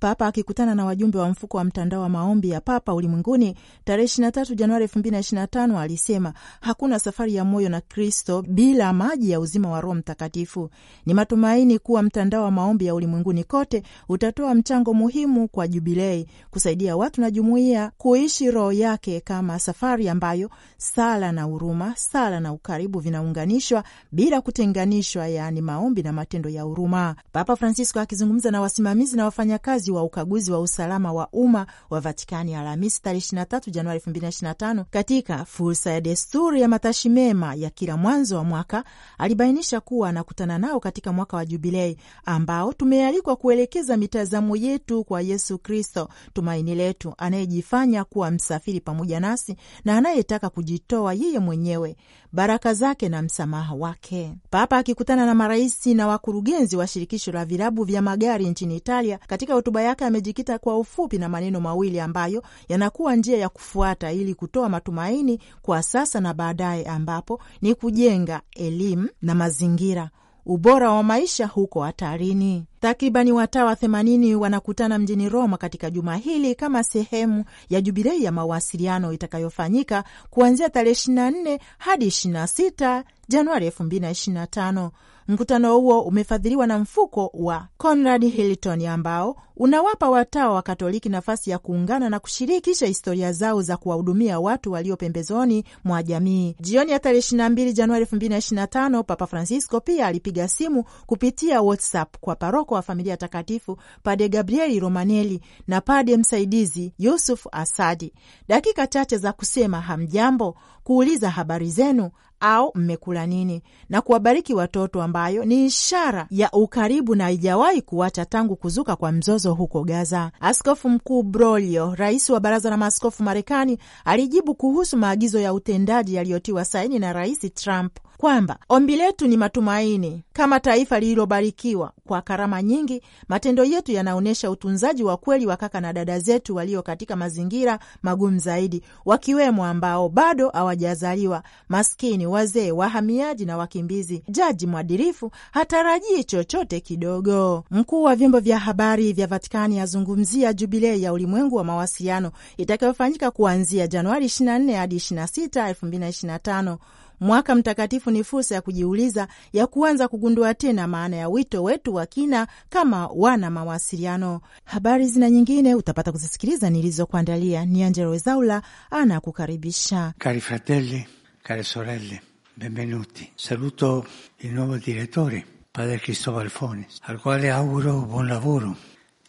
Papa akikutana na wajumbe wa mfuko wa mtandao wa maombi ya Papa ulimwenguni tarehe 23 Januari 2025 alisema, hakuna safari ya moyo na Kristo bila maji ya uzima wa Roho Mtakatifu. Ni matumaini kuwa mtandao wa maombi ya ulimwenguni kote utatoa mchango muhimu kwa Jubilei kusaidia watu na jumuiya kuishi roho yake kama safari ambayo sala na huruma, sala na ukaribu vinaunganishwa bila kutenganishwa, yaani maombi na matendo ya huruma. Papa Francisco akizungumza na wasimamizi na wafanyakazi uongozi wa ukaguzi wa usalama wa umma wa Vatikani Alhamisi tarehe 23 Januari 2025 katika fursa ya desturi ya matashi mema ya kila mwanzo wa mwaka alibainisha kuwa anakutana nao katika mwaka wa Jubilei ambao tumealikwa kuelekeza mitazamo yetu kwa Yesu Kristo, tumaini letu, anayejifanya kuwa msafiri pamoja nasi na anayetaka kujitoa yeye mwenyewe baraka zake na msamaha wake. Papa akikutana na maraisi na wakurugenzi wa shirikisho la vilabu vya magari nchini Italia, katika hotuba yake amejikita kwa ufupi na maneno mawili ambayo yanakuwa njia ya kufuata ili kutoa matumaini kwa sasa na baadaye, ambapo ni kujenga elimu na mazingira ubora wa maisha huko hatarini. Takribani watawa 80 wanakutana mjini Roma katika juma hili kama sehemu ya jubilei ya mawasiliano itakayofanyika kuanzia tarehe 24 hadi 26 Januari 2025 Mkutano huo umefadhiliwa na mfuko wa Conrad Hilton ambao unawapa watawa wa Katoliki nafasi ya kuungana na kushirikisha historia zao za kuwahudumia watu walio pembezoni mwa jamii. Jioni ya tarehe 22 Januari 2025, Papa Francisco pia alipiga simu kupitia WhatsApp kwa paroko wa familia takatifu Pade Gabrieli Romanelli na pade msaidizi Yusuf Asadi, dakika chache za kusema hamjambo, kuuliza habari zenu au mmekula nini, na kuwabariki watoto, ambayo ni ishara ya ukaribu na haijawahi kuacha tangu kuzuka kwa mzozo huko Gaza. Askofu Mkuu Brolio, rais wa baraza la maaskofu Marekani, alijibu kuhusu maagizo ya utendaji yaliyotiwa saini na Rais Trump kwamba ombi letu ni matumaini. Kama taifa lililobarikiwa kwa karama nyingi, matendo yetu yanaonyesha utunzaji wa kweli wa kaka na dada zetu walio katika mazingira magumu zaidi, wakiwemo ambao bado hawajazaliwa, maskini wazee, wahamiaji na wakimbizi. Jaji mwadilifu hatarajii chochote kidogo. Mkuu wa vyombo vya habari vya Vatikani azungumzia jubilei ya ulimwengu wa mawasiliano itakayofanyika kuanzia Januari 24 hadi 26, 2025. Mwaka mtakatifu ni fursa ya kujiuliza, ya kuanza kugundua tena maana ya wito wetu wa kina kama wana mawasiliano. Habari zina nyingine utapata kuzisikiliza nilizokuandalia. Ni Angelo Zaula anakukaribisha. Cari fratelli Care sorelle, benvenuti. Saluto il nuovo direttore, padre Cristobal Fones, al quale auguro buon lavoro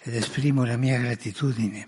ed esprimo la mia gratitudine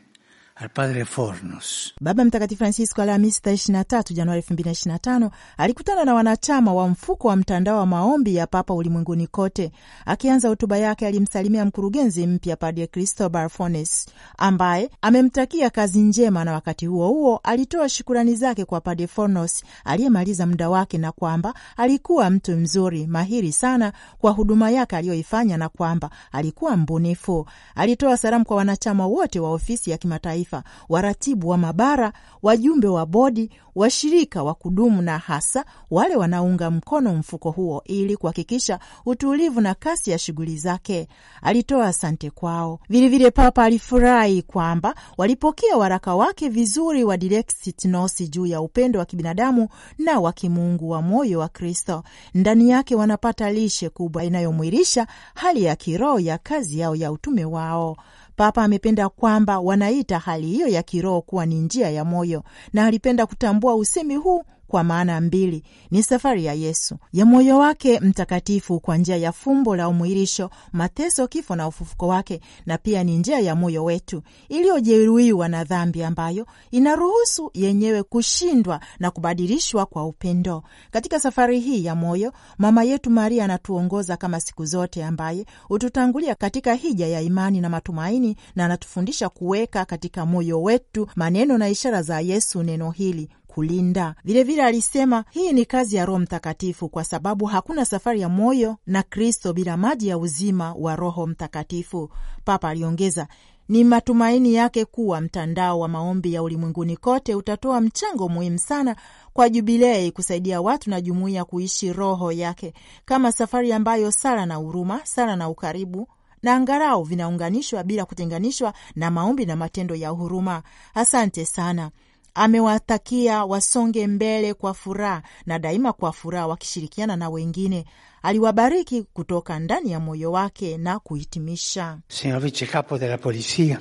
al Padre Fornos. Baba Mtakatifu Francisco Alhamisi tarehe 23 Januari 2025 alikutana na wanachama wa mfuko wa mtandao wa maombi ya Papa ulimwenguni kote. Akianza hotuba yake, alimsalimia mkurugenzi mpya Padre Cristobal Fornes ambaye amemtakia kazi njema, na wakati huo huo alitoa shukurani zake kwa Padre Fornos aliyemaliza muda wake na kwamba alikuwa mtu mzuri mahiri sana kwa huduma yake aliyoifanya na kwamba alikuwa mbunifu. Alitoa salamu kwa wanachama wote wa ofisi ya kimataifa kimataifa, waratibu wa mabara, wajumbe wa bodi, washirika wa kudumu na hasa wale wanaunga mkono mfuko huo ili kuhakikisha utulivu na kasi ya shughuli zake. Alitoa asante kwao. Vilevile Papa alifurahi kwamba walipokea waraka wake vizuri wa Dilexit juu ya upendo wa kibinadamu na wa kimungu wa moyo wa Kristo. Ndani yake wanapata lishe kubwa inayomwirisha hali ya kiroho ya kazi yao ya utume wao. Papa amependa kwamba wanaita hali hiyo ya kiroho kuwa ni njia ya moyo, na alipenda kutambua usemi huu kwa maana mbili ni safari ya Yesu ya moyo wake mtakatifu kwa njia ya fumbo la umwirisho, mateso, kifo na ufufuko wake, na pia ni njia ya moyo wetu iliyojeruhiwa na dhambi, ambayo inaruhusu yenyewe kushindwa na kubadilishwa kwa upendo. Katika safari hii ya moyo, mama yetu Maria anatuongoza kama siku zote, ambaye hututangulia katika hija ya imani na matumaini, na anatufundisha kuweka katika moyo wetu maneno na ishara za Yesu. Neno hili kulinda. Vilevile alisema hii ni kazi ya Roho Mtakatifu kwa sababu hakuna safari ya moyo na Kristo bila maji ya uzima wa Roho Mtakatifu. Papa aliongeza ni matumaini yake kuwa mtandao wa maombi ya ulimwenguni kote utatoa mchango muhimu sana kwa Jubilei kusaidia watu na jumuiya kuishi roho yake kama safari ambayo sala na huruma, sala na ukaribu na angarau vinaunganishwa bila kutenganishwa na maombi na matendo ya huruma. Asante sana. Amewatakia wasonge mbele kwa furaha na daima kwa furaha, wakishirikiana na wengine. Aliwabariki kutoka ndani ya moyo wake na kuhitimisha: Signor vice capo della polizia,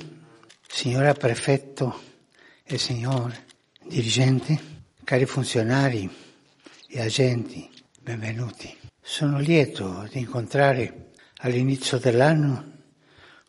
signora prefetto e signor dirigente, cari funzionari e agenti, benvenuti. Sono lieto di incontrare all'inizio dell'anno,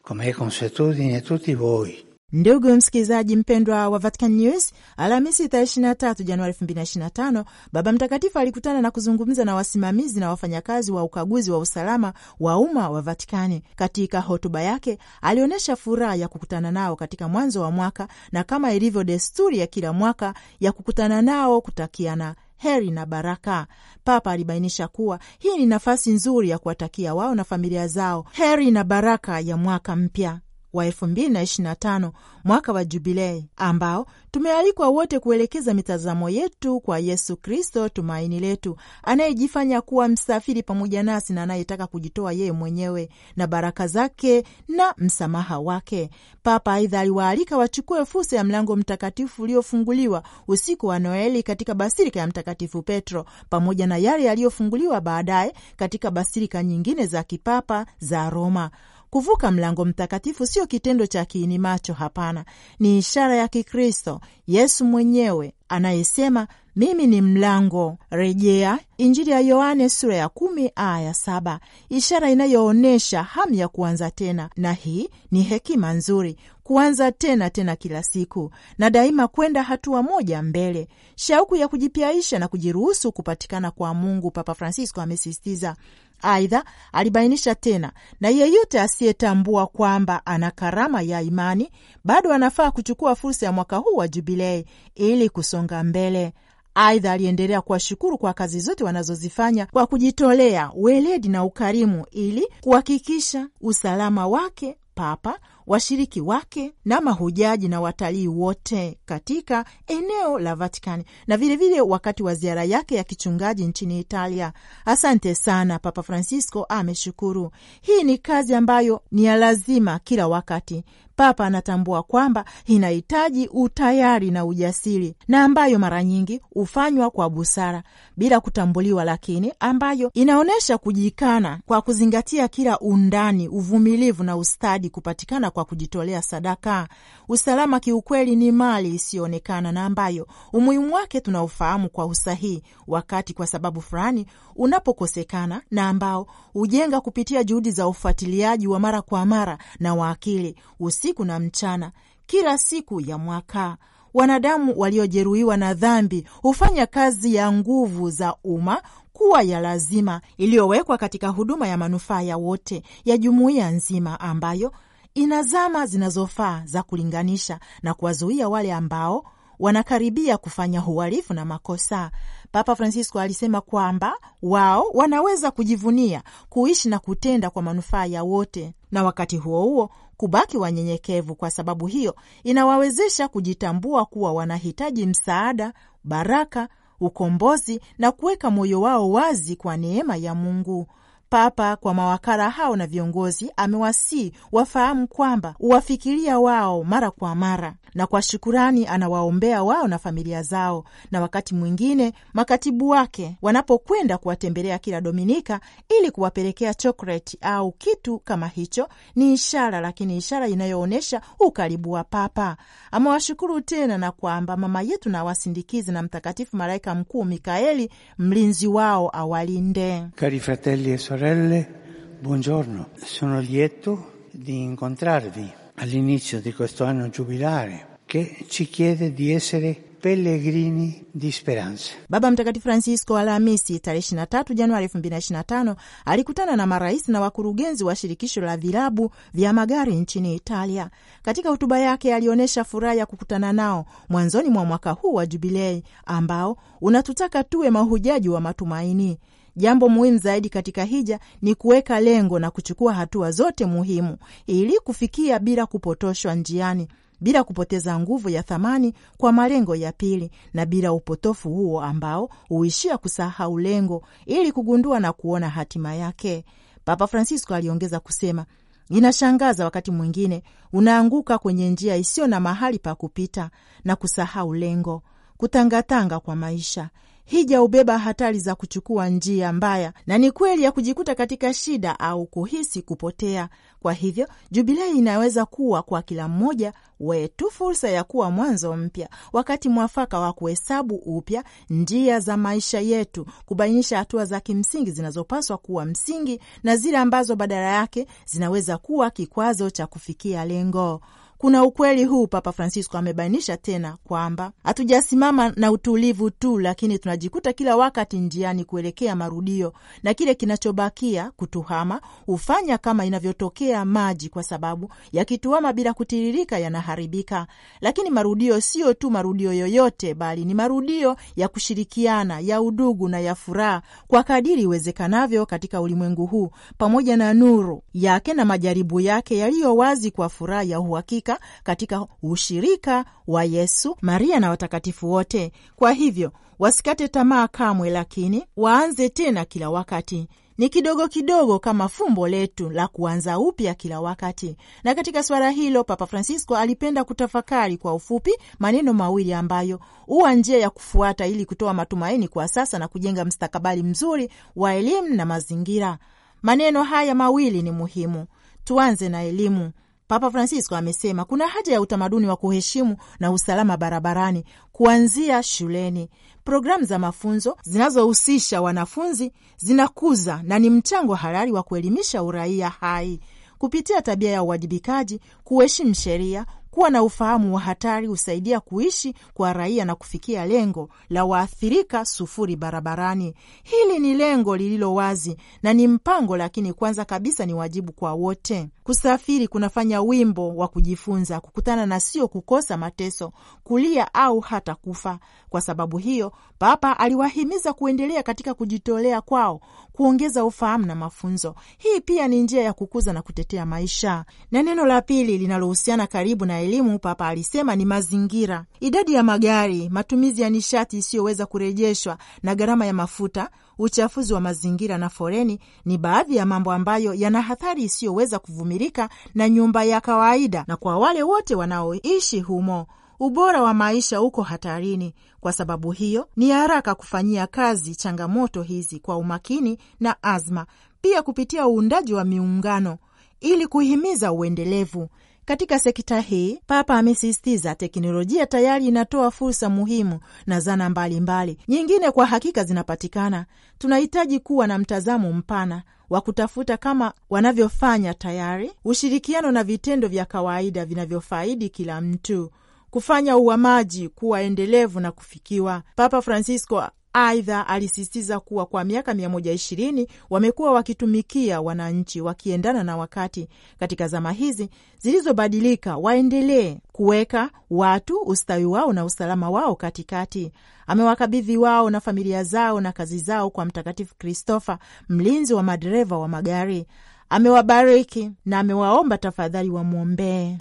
come è consuetudine, tutti voi Ndugu msikilizaji mpendwa wa Vatican News, Alhamisi tarehe 23 Januari 2025, Baba Mtakatifu alikutana na kuzungumza na wasimamizi na wafanyakazi wa ukaguzi wa usalama wa umma wa Vatikani. Katika hotuba yake alionyesha furaha ya kukutana nao katika mwanzo wa mwaka na kama ilivyo desturi ya kila mwaka ya kukutana nao kutakiana heri na baraka. Papa alibainisha kuwa hii ni nafasi nzuri ya kuwatakia wao na familia zao heri na baraka ya mwaka mpya wa 2025 mwaka wa Jubilei, ambao tumealikwa wote kuelekeza mitazamo yetu kwa Yesu Kristo, tumaini letu, anayejifanya kuwa msafiri pamoja nasi na anayetaka kujitoa yeye mwenyewe na baraka zake na msamaha wake. Papa aidha aliwaalika wachukue fursa ya mlango mtakatifu uliofunguliwa usiku wa Noeli katika basilika ya Mtakatifu Petro pamoja na yale yaliyofunguliwa baadaye katika basilika nyingine za kipapa za Roma. Kuvuka mlango mtakatifu sio kitendo cha kiini macho, hapana, ni ishara ya Kikristo, Yesu mwenyewe anayesema mimi ni mlango, rejea Injili ya Yohane sura ya kumi aya saba, ishara inayoonyesha hamu ya kuanza tena. Na hii ni hekima nzuri, kuanza tena tena kila siku na daima kwenda hatua moja mbele, shauku ya kujipiaisha na kujiruhusu kupatikana kwa Mungu. Papa Francisco amesisitiza Aidha, alibainisha tena, na yeyote asiyetambua kwamba ana karama ya imani bado anafaa kuchukua fursa ya mwaka huu wa Jubilei ili kusonga mbele. Aidha, aliendelea kuwashukuru kwa kazi zote wanazozifanya kwa kujitolea, weledi na ukarimu, ili kuhakikisha usalama wake Papa washiriki wake na mahujaji na watalii wote katika eneo la vaticani na vilevile vile wakati wa ziara yake ya kichungaji nchini Italia. Asante sana, Papa Francisco ameshukuru. Hii ni kazi ambayo ni ya lazima kila wakati. Papa anatambua kwamba inahitaji utayari na ujasiri, na ambayo mara nyingi hufanywa kwa busara bila kutambuliwa, lakini ambayo inaonyesha kujikana kwa kuzingatia kila undani, uvumilivu na ustadi kupatikana kwa kujitolea sadaka. Usalama kiukweli ni mali isiyoonekana na ambayo umuhimu wake tunaufahamu kwa usahihi wakati kwa sababu fulani unapokosekana, na ambao hujenga kupitia juhudi za ufuatiliaji wa mara kwa mara na wa akili usiku na mchana, kila siku ya mwaka. Wanadamu waliojeruhiwa na dhambi hufanya kazi ya nguvu za umma kuwa ya lazima iliyowekwa katika huduma ya manufaa ya wote ya jumuiya nzima ambayo ina zama zinazofaa za kulinganisha na kuwazuia wale ambao wanakaribia kufanya uhalifu na makosa. Papa Francisco alisema kwamba wao wanaweza kujivunia kuishi na kutenda kwa manufaa ya wote na wakati huo huo kubaki wanyenyekevu, kwa sababu hiyo inawawezesha kujitambua kuwa wanahitaji msaada, baraka, ukombozi na kuweka moyo wao wazi kwa neema ya Mungu. Papa kwa mawakala hao na viongozi amewasii wafahamu kwamba uwafikiria wao mara kwa mara, na kwa shukurani anawaombea wao na familia zao, na wakati mwingine makatibu wake wanapokwenda kuwatembelea kila Dominika ili kuwapelekea chokoleti au kitu kama hicho. Ni ishara lakini ishara inayoonyesha ukaribu wa Papa. Amewashukuru tena na kwamba mama yetu na wasindikizi na Mtakatifu malaika mkuu Mikaeli mlinzi wao awalinde. Cari fratelli e sorelle sorelle, buongiorno. Sono lieto di incontrarvi all'inizio di questo anno giubilare che ci chiede di essere pellegrini di speranza. Baba Mtakatifu Francisco Alhamisi tarehe 23 Januari 2025 alikutana na marais na wakurugenzi wa shirikisho la vilabu vya magari nchini Italia. Katika hotuba yake alionyesha furaha ya kukutana nao mwanzoni mwa mwaka huu wa jubilei ambao unatutaka tuwe mahujaji wa matumaini. Jambo muhimu zaidi katika hija ni kuweka lengo na kuchukua hatua zote muhimu ili kufikia bila kupotoshwa njiani, bila kupoteza nguvu ya thamani kwa malengo ya pili, na bila upotofu huo ambao huishia kusahau lengo ili kugundua na kuona hatima yake. Papa Francisco aliongeza kusema, inashangaza wakati mwingine unaanguka kwenye njia isiyo na mahali pa kupita na kusahau lengo, kutangatanga kwa maisha hija ubeba hatari za kuchukua njia mbaya, na ni kweli ya kujikuta katika shida au kuhisi kupotea. Kwa hivyo Jubilei inaweza kuwa kwa kila mmoja wetu fursa ya kuwa mwanzo mpya, wakati mwafaka wa kuhesabu upya njia za maisha yetu, kubainisha hatua za kimsingi zinazopaswa kuwa msingi na zile ambazo badala yake zinaweza kuwa kikwazo cha kufikia lengo. Kuna ukweli huu, Papa Francisco amebainisha tena kwamba hatujasimama na utulivu tu, lakini tunajikuta kila wakati njiani kuelekea marudio, na kile kinachobakia kutuhama hufanya kama inavyotokea maji, kwa sababu yakituhama bila kutiririka yanaharibika. Lakini marudio siyo tu marudio yoyote, bali ni marudio ya kushirikiana, ya udugu na ya furaha kwa kadiri iwezekanavyo katika ulimwengu huu, pamoja na nuru yake na majaribu yake yaliyo wazi kwa furaha ya uhakika kutumika katika ushirika wa Yesu, Maria na watakatifu wote. Kwa hivyo wasikate tamaa kamwe, lakini waanze tena kila wakati ni kidogo kidogo kama fumbo letu la kuanza upya kila wakati. Na katika suala hilo, Papa Francisco alipenda kutafakari kwa ufupi maneno mawili ambayo huwa njia ya kufuata ili kutoa matumaini kwa sasa na kujenga mstakabali mzuri wa elimu na mazingira. Maneno haya mawili ni muhimu: tuanze na elimu. Papa Francisco amesema kuna haja ya utamaduni wa kuheshimu na usalama barabarani kuanzia shuleni. Programu za mafunzo zinazohusisha wanafunzi zinakuza na ni mchango halali wa kuelimisha uraia hai kupitia tabia ya uwajibikaji, kuheshimu sheria, kuwa na ufahamu wa hatari husaidia kuishi kwa raia na kufikia lengo la waathirika sufuri barabarani. Hili ni lengo lililo wazi na ni mpango, lakini kwanza kabisa ni wajibu kwa wote. Kusafiri kunafanya wimbo wa kujifunza, kukutana na sio kukosa mateso, kulia au hata kufa. Kwa sababu hiyo, Papa aliwahimiza kuendelea katika kujitolea kwao, kuongeza ufahamu na mafunzo. Hii pia ni njia ya kukuza na kutetea maisha. Na neno la pili linalohusiana karibu na elimu, Papa alisema ni mazingira, idadi ya magari, matumizi ya nishati isiyoweza kurejeshwa na gharama ya mafuta, uchafuzi wa mazingira na foreni ni baadhi ya mambo ambayo yana hatari isiyoweza kuvumilika na nyumba ya kawaida na kwa wale wote wanaoishi humo ubora wa maisha uko hatarini. Kwa sababu hiyo, ni haraka kufanyia kazi changamoto hizi kwa umakini na azma, pia kupitia uundaji wa miungano ili kuhimiza uendelevu katika sekta hii. Papa amesisitiza teknolojia tayari inatoa fursa muhimu na zana mbalimbali mbali. Nyingine kwa hakika zinapatikana. Tunahitaji kuwa na mtazamo mpana wa kutafuta kama wanavyofanya tayari, ushirikiano na vitendo vya kawaida vinavyofaidi kila mtu, kufanya uhamaji kuwa endelevu na kufikiwa. Papa Francisco Aidha, alisisitiza kuwa kwa miaka 120 wamekuwa wakitumikia wananchi wakiendana na wakati. Katika zama hizi zilizobadilika, waendelee kuweka watu ustawi wao na usalama wao katikati. Amewakabidhi wao na familia zao na kazi zao kwa Mtakatifu Kristofa, mlinzi wa madereva wa magari. Amewabariki na amewaomba tafadhali wamwombee.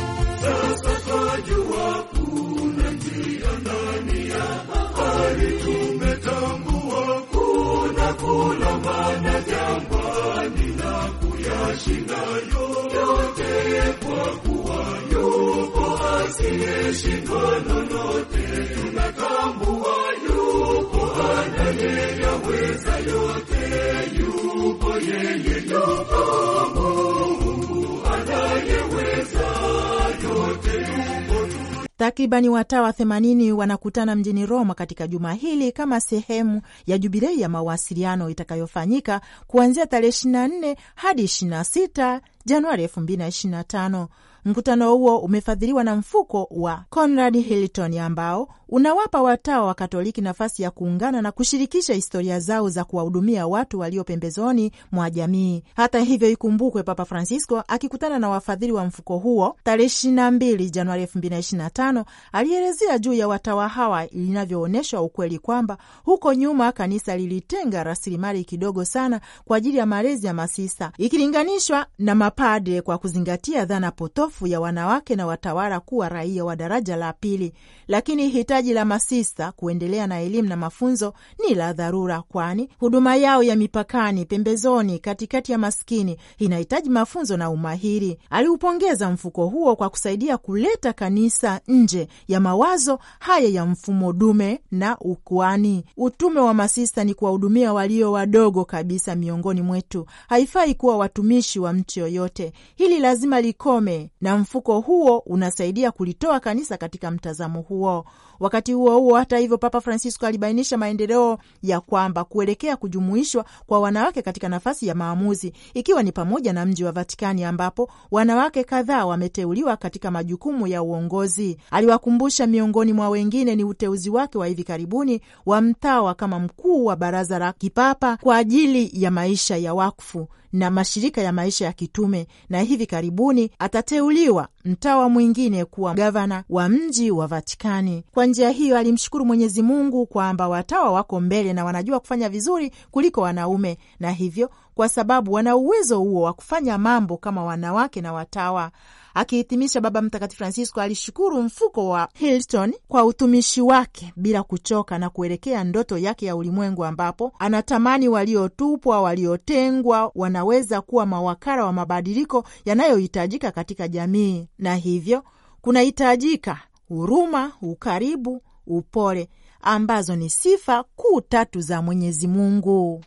Takribani watawa 80 wanakutana mjini Roma katika juma hili kama sehemu ya jubilei ya mawasiliano itakayofanyika kuanzia tarehe 24 hadi 26 Januari 2025. Mkutano huo umefadhiliwa na mfuko wa Conrad Hilton ambao unawapa watawa wa Katoliki nafasi ya kuungana na kushirikisha historia zao za kuwahudumia watu walio pembezoni mwa jamii. Hata hivyo, ikumbukwe Papa Francisco akikutana na wafadhili wa mfuko huo tarehe 22 Januari 2025 alielezea juu ya watawa hawa linavyoonyesha ukweli kwamba huko nyuma kanisa lilitenga rasilimali kidogo sana kwa ajili ya malezi ya masisa ikilinganishwa na mapadre kwa kuzingatia dhana potofu maelfu ya wanawake na watawala kuwa raia wa daraja la pili, lakini hitaji la masista kuendelea na elimu na mafunzo ni la dharura, kwani huduma yao ya mipakani, pembezoni, katikati ya maskini inahitaji mafunzo na umahiri. Aliupongeza mfuko huo kwa kusaidia kuleta kanisa nje ya mawazo haya ya mfumo dume na ukwani Utume wa masista ni kuwahudumia walio wadogo kabisa miongoni mwetu. Haifai kuwa watumishi wa mtu yoyote. Hili lazima likome na mfuko huo unasaidia kulitoa kanisa katika mtazamo huo. Wakati huo huo, hata hivyo, Papa Francisco alibainisha maendeleo ya kwamba kuelekea kujumuishwa kwa wanawake katika nafasi ya maamuzi, ikiwa ni pamoja na mji wa Vatikani ambapo wanawake kadhaa wameteuliwa katika majukumu ya uongozi. Aliwakumbusha miongoni mwa wengine ni uteuzi wake wa hivi karibuni wa mtawa kama mkuu wa baraza la kipapa kwa ajili ya maisha ya wakfu na mashirika ya maisha ya kitume, na hivi karibuni atateuliwa mtawa mwingine kuwa gavana wa mji wa Vatikani. Kwa njia hiyo, alimshukuru Mwenyezi Mungu kwamba watawa wako mbele na wanajua kufanya vizuri kuliko wanaume, na hivyo kwa sababu wana uwezo huo wa kufanya mambo kama wanawake na watawa Akihitimisha, Baba Mtakatifu Francisco alishukuru mfuko wa Hilton kwa utumishi wake bila kuchoka na kuelekea ndoto yake ya ulimwengu ambapo anatamani waliotupwa, waliotengwa wanaweza kuwa mawakala wa mabadiliko yanayohitajika katika jamii, na hivyo kunahitajika huruma, ukaribu, upole ambazo ni sifa kuu tatu za Mwenyezi Mungu.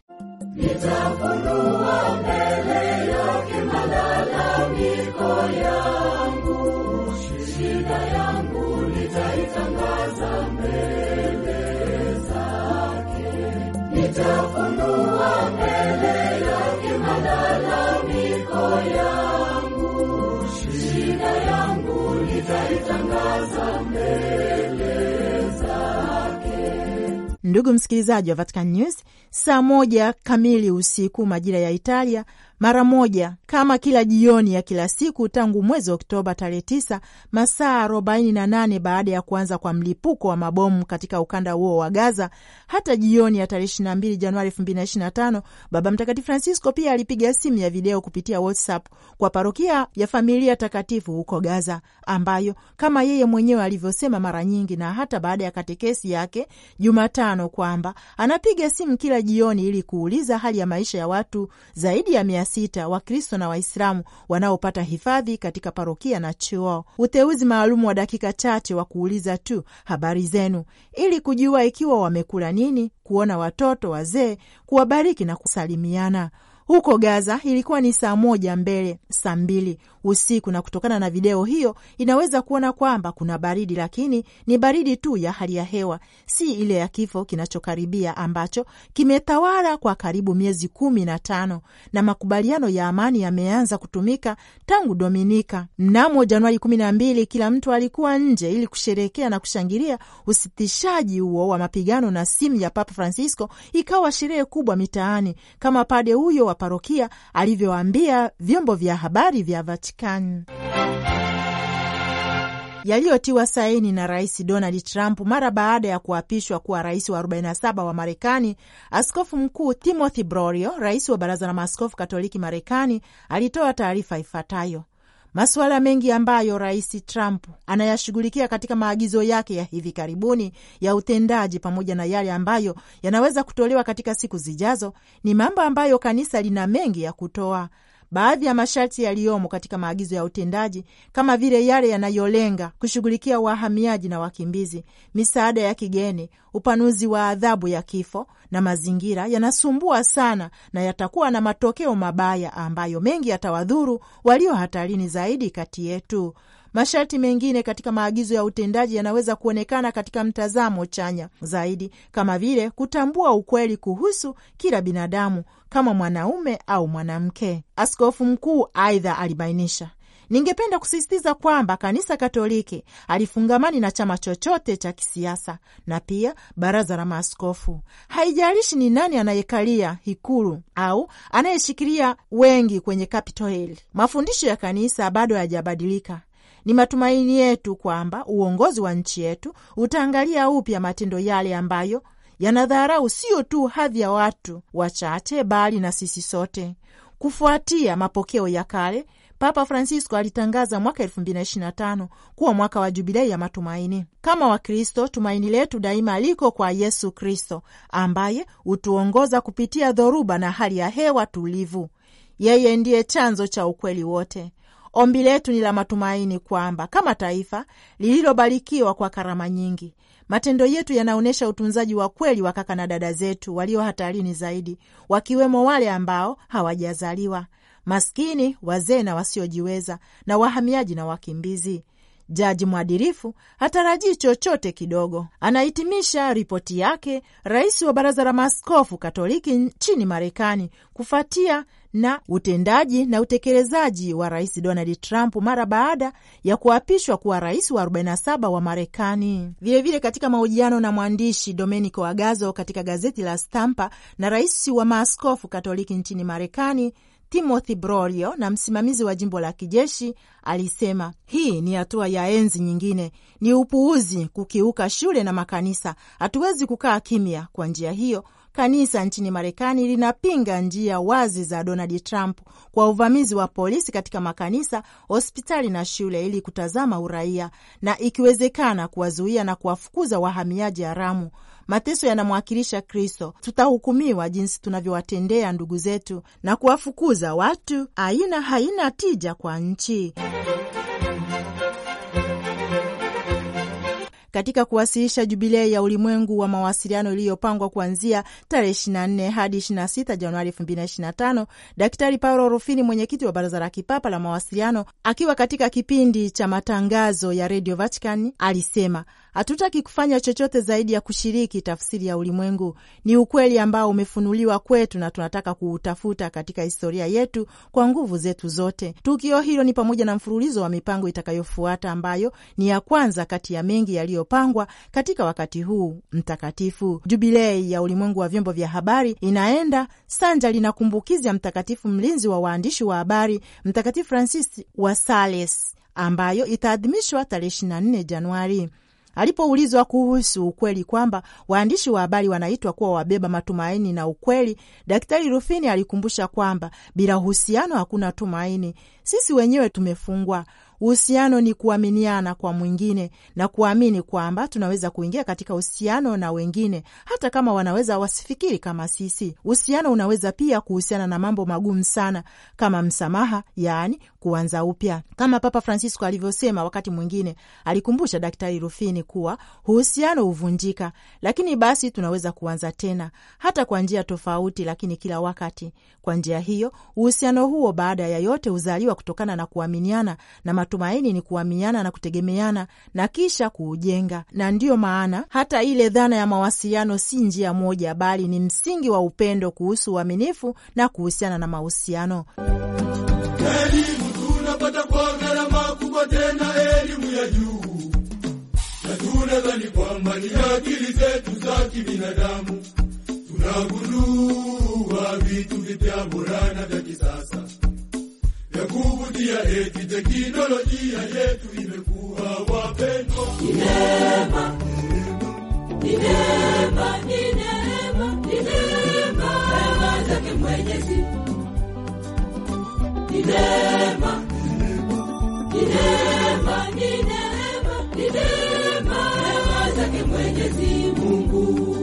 Nitafunua mbele yake yangu, shida yangu nitaitangaza mbele zake, nitafunua mbele yake malalamiko yangu, shida yangu nitaitangaza mbele Ndugu msikilizaji wa Vatican News, saa moja kamili usiku majira ya Italia, mara moja kama kila jioni ya kila siku tangu mwezi Oktoba tarehe tisa, masaa arobaini na nane baada ya kuanza kwa mlipuko wa mabomu katika ukanda huo wa Gaza. Hata jioni ya tarehe ishirini na mbili Januari elfu mbili na ishirini na tano Baba Mtakatifu Francisco pia alipiga simu ya video kupitia WhatsApp kwa parokia ya Familia Takatifu huko Gaza, ambayo kama yeye mwenyewe alivyosema mara nyingi na hata baada ya katekesi yake Jumatano kwamba anapiga simu kila jioni ili kuuliza hali ya maisha ya watu zaidi ya mia sita Wakristo na Waislamu wanaopata hifadhi katika parokia na chuo. Uteuzi maalum wa dakika chache wa kuuliza tu habari zenu, ili kujua ikiwa wamekula nini, kuona watoto, wazee, kuwabariki na kusalimiana. Huko Gaza ilikuwa ni saa moja mbele, saa mbili usiku, na kutokana na video hiyo inaweza kuona kwamba kuna baridi, lakini ni baridi tu ya hali ya hewa, si ile ya kifo kinachokaribia ambacho kimetawala kwa karibu miezi kumi na tano, na makubaliano ya amani yameanza kutumika tangu Dominika. Mnamo Januari kumi na mbili kila mtu alikuwa nje ili kusherekea na kushangilia usitishaji huo wa mapigano, na simu ya Papa Francisco ikawa sherehe kubwa mitaani, kama pade huyo wa parokia alivyoambia vyombo vya habari vya Vatikani. Vatican yaliyotiwa saini na Rais Donald Trump mara baada ya kuapishwa kuwa rais wa 47 wa Marekani. Askofu Mkuu Timothy Brorio, rais wa Baraza la Maaskofu Katoliki Marekani, alitoa taarifa ifuatayo: Masuala mengi ambayo Rais Trump anayashughulikia katika maagizo yake ya hivi karibuni ya utendaji pamoja na yale ambayo yanaweza kutolewa katika siku zijazo ni mambo ambayo kanisa lina mengi ya kutoa Baadhi ya masharti yaliyomo katika maagizo ya utendaji kama vile yale yanayolenga kushughulikia wahamiaji na wakimbizi, misaada ya kigeni, upanuzi wa adhabu ya kifo na mazingira yanasumbua sana na yatakuwa na matokeo mabaya ambayo mengi yatawadhuru walio hatarini zaidi kati yetu. Masharti mengine katika maagizo ya utendaji yanaweza kuonekana katika mtazamo chanya zaidi, kama vile kutambua ukweli kuhusu kila binadamu kama mwanaume au mwanamke. Askofu mkuu aidha alibainisha Ningependa kusisitiza kwamba Kanisa Katoliki alifungamani na chama chochote cha kisiasa na pia baraza la maaskofu. Haijalishi ni nani anayekalia Ikulu au anayeshikilia wengi kwenye Capitol Hill, mafundisho ya kanisa bado hayajabadilika. Ni matumaini yetu kwamba uongozi wa nchi yetu utaangalia upya matendo yale ambayo yanadharau sio tu hadhi ya watu wachache bali na sisi sote. Kufuatia mapokeo ya kale, Papa Francisco alitangaza mwaka 2025 kuwa mwaka wa jubilei ya matumaini. Kama Wakristo, tumaini letu daima liko kwa Yesu Kristo ambaye hutuongoza kupitia dhoruba na hali ya hewa tulivu. Yeye ndiye chanzo cha ukweli wote. Ombi letu ni la matumaini kwamba kama taifa lililobarikiwa kwa karama nyingi, matendo yetu yanaonyesha utunzaji wa kweli wa kaka na dada zetu walio hatarini zaidi, wakiwemo wale ambao hawajazaliwa, maskini, wazee na wasiojiweza, na wahamiaji na wakimbizi. Jaji mwadilifu hatarajii chochote kidogo. Anahitimisha ripoti yake rais wa baraza la maaskofu Katoliki nchini Marekani kufuatia na utendaji na utekelezaji wa rais Donald Trump mara baada ya kuapishwa kuwa rais wa 47 wa Marekani. Vilevile, katika mahojiano na mwandishi Domenico Agazo katika gazeti la Stampa na rais wa maaskofu Katoliki nchini Marekani Timothy Brolio na msimamizi wa jimbo la kijeshi alisema, hii ni hatua ya enzi nyingine, ni upuuzi kukiuka shule na makanisa. Hatuwezi kukaa kimya. Kwa njia hiyo, kanisa nchini Marekani linapinga njia wazi za Donald Trump kwa uvamizi wa polisi katika makanisa, hospitali na shule, ili kutazama uraia na ikiwezekana kuwazuia na kuwafukuza wahamiaji haramu Mateso yanamwakilisha Kristo. Tutahukumiwa jinsi tunavyowatendea ndugu zetu na kuwafukuza watu, aina haina tija kwa nchi. Katika kuwasilisha jubilei ya ulimwengu wa mawasiliano iliyopangwa kuanzia tarehe 24 hadi 26 Januari 2025, Daktari Paolo Rufini, mwenyekiti wa Baraza la Kipapa la Mawasiliano, akiwa katika kipindi cha matangazo ya Radio Vatican, alisema Hatutaki kufanya chochote zaidi ya kushiriki tafsiri ya ulimwengu. Ni ukweli ambao umefunuliwa kwetu na tunataka kuutafuta katika historia yetu kwa nguvu zetu zote. Tukio hilo ni pamoja na mfululizo wa mipango itakayofuata ambayo ni ya kwanza kati ya mengi yaliyopangwa katika wakati huu mtakatifu. Jubilei ya ulimwengu wa vyombo vya habari inaenda sanjari na kumbukizi ya mtakatifu mlinzi wa waandishi wa habari, Mtakatifu Francis wa Sales ambayo itaadhimishwa tarehe 24 Januari. Alipoulizwa kuhusu ukweli kwamba waandishi wa habari wanaitwa kuwa wabeba matumaini na ukweli, Daktari Rufini alikumbusha kwamba bila uhusiano hakuna tumaini. Sisi wenyewe tumefungwa. Uhusiano ni kuaminiana kwa mwingine na kuamini kwamba tunaweza kuingia katika uhusiano na wengine hata kama wanaweza wasifikiri kama sisi. Uhusiano unaweza pia kuhusiana na mambo magumu sana kama msamaha, yaani kuanza upya. Kama Papa Francisco alivyosema wakati mwingine, alikumbusha Daktari Rufini kuwa uhusiano huvunjika, lakini basi tunaweza kuanza tena, hata kwa njia tofauti, lakini kila wakati. Kwa njia hiyo, uhusiano huo baada ya yote huzaliwa kutokana na kuaminiana, na matumaini ni kuaminiana na kutegemeana na kisha kuujenga. Na ndiyo maana hata ile dhana ya mawasiliano si njia moja, bali ni msingi wa upendo kuhusu uaminifu na kuhusiana na mahusiano. nadhani kwamba ni akili zetu za kibinadamu tunagundua vitu vipya burana vya kisasa vya kuvutia, eti teknolojia yetu imekuwa wapendo neema, neema, neema, neema, neema neema, neema, neema Mwenyezi Mungu.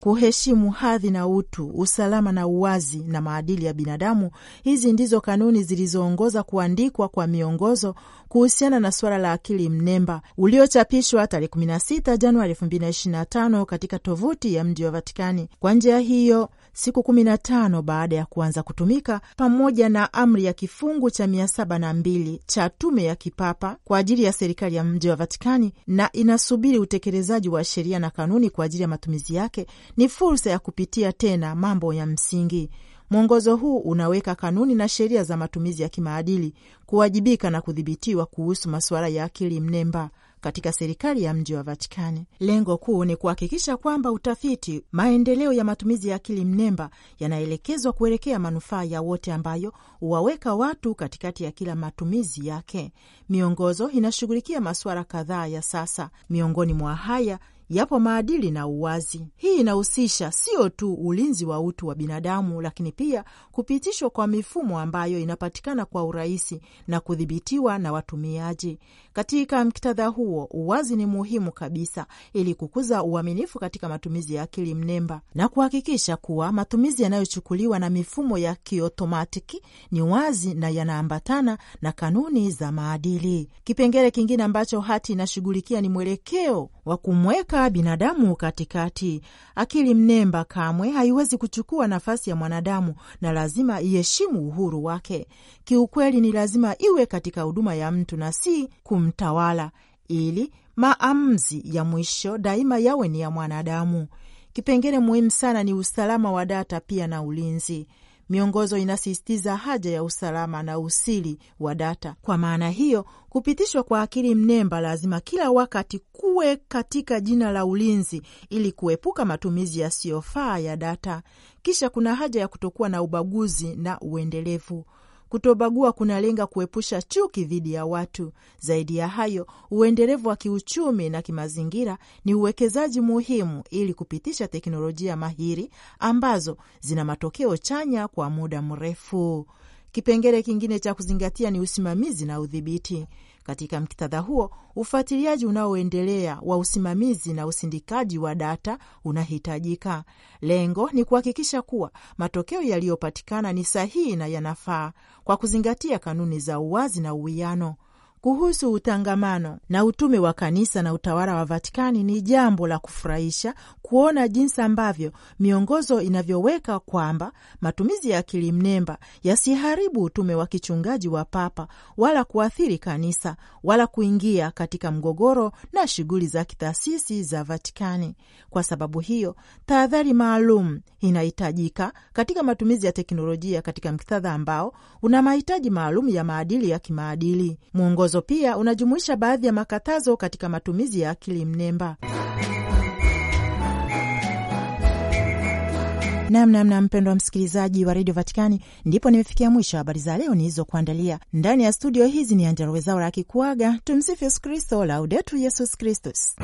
Kuheshimu hadhi na utu, usalama na uwazi na maadili ya binadamu. Hizi ndizo kanuni zilizoongoza kuandikwa kwa miongozo kuhusiana na suala la akili mnemba uliochapishwa tarehe 16 Januari 2025 katika tovuti ya mji wa Vatikani. Kwa njia hiyo siku kumi na tano baada ya kuanza kutumika, pamoja na amri ya kifungu cha mia saba na mbili cha tume ya kipapa kwa ajili ya serikali ya mji wa Vatikani na inasubiri utekelezaji wa sheria na kanuni kwa ajili ya matumizi yake. Ni fursa ya kupitia tena mambo ya msingi. Mwongozo huu unaweka kanuni na sheria za matumizi ya kimaadili, kuwajibika na kudhibitiwa kuhusu masuala ya akili mnemba katika serikali ya mji wa Vatikani. Lengo kuu ni kuhakikisha kwamba utafiti, maendeleo ya matumizi ya akili mnemba yanaelekezwa kuelekea manufaa ya wote, ambayo huwaweka watu katikati ya kila matumizi yake. Miongozo inashughulikia masuala kadhaa ya sasa. Miongoni mwa haya yapo maadili na uwazi. Hii inahusisha sio tu ulinzi wa utu wa binadamu, lakini pia kupitishwa kwa mifumo ambayo inapatikana kwa urahisi na kudhibitiwa na watumiaji. Katika mktadha huo, uwazi ni muhimu kabisa ili kukuza uaminifu katika matumizi ya akili mnemba na kuhakikisha kuwa matumizi yanayochukuliwa na mifumo ya kiotomatiki ni wazi na yanaambatana na kanuni za maadili. Kipengele kingine ambacho hati inashughulikia ni mwelekeo wa kumweka binadamu katikati. Akili mnemba kamwe haiwezi kuchukua nafasi ya mwanadamu na lazima iheshimu uhuru wake. Kiukweli, ni lazima iwe katika huduma ya mtu na si kum mtawala ili maamuzi ya mwisho daima yawe ni ya mwanadamu. Kipengele muhimu sana ni usalama wa data pia na ulinzi. Miongozo inasisitiza haja ya usalama na usiri wa data. Kwa maana hiyo, kupitishwa kwa akili mnemba lazima kila wakati kuwe katika jina la ulinzi, ili kuepuka matumizi yasiyofaa ya data. Kisha kuna haja ya kutokuwa na ubaguzi na uendelevu. Kutobagua kunalenga kuepusha chuki dhidi ya watu. Zaidi ya hayo, uendelevu wa kiuchumi na kimazingira ni uwekezaji muhimu ili kupitisha teknolojia mahiri ambazo zina matokeo chanya kwa muda mrefu. Kipengele kingine cha kuzingatia ni usimamizi na udhibiti. Katika mktadha huo, ufuatiliaji unaoendelea wa usimamizi na usindikaji wa data unahitajika. Lengo ni kuhakikisha kuwa matokeo yaliyopatikana ni sahihi na yanafaa kwa kuzingatia kanuni za uwazi na uwiano kuhusu utangamano na utume wa kanisa na utawala wa Vatikani, ni jambo la kufurahisha kuona jinsi ambavyo miongozo inavyoweka kwamba matumizi ya akili mnemba yasiharibu utume wa kichungaji wa Papa wala kuathiri kanisa wala kuingia katika mgogoro na shughuli za kitaasisi za Vatikani. Kwa sababu hiyo, tahadhari maalum inahitajika katika matumizi ya teknolojia katika muktadha ambao una mahitaji maalum ya maadili ya kimaadili. Mwongozo ambazo pia unajumuisha baadhi ya makatazo katika matumizi ya akili mnemba. Namnamna wa msikilizaji wa redio Vatikani, ndipo nimefikia mwisho habari za leo nilizokuandalia ndani ya studio hizi. Ni Angela Rwezaura akikuaga. Tumsifu Yesu Kristo, laudetu Yesus Kristus.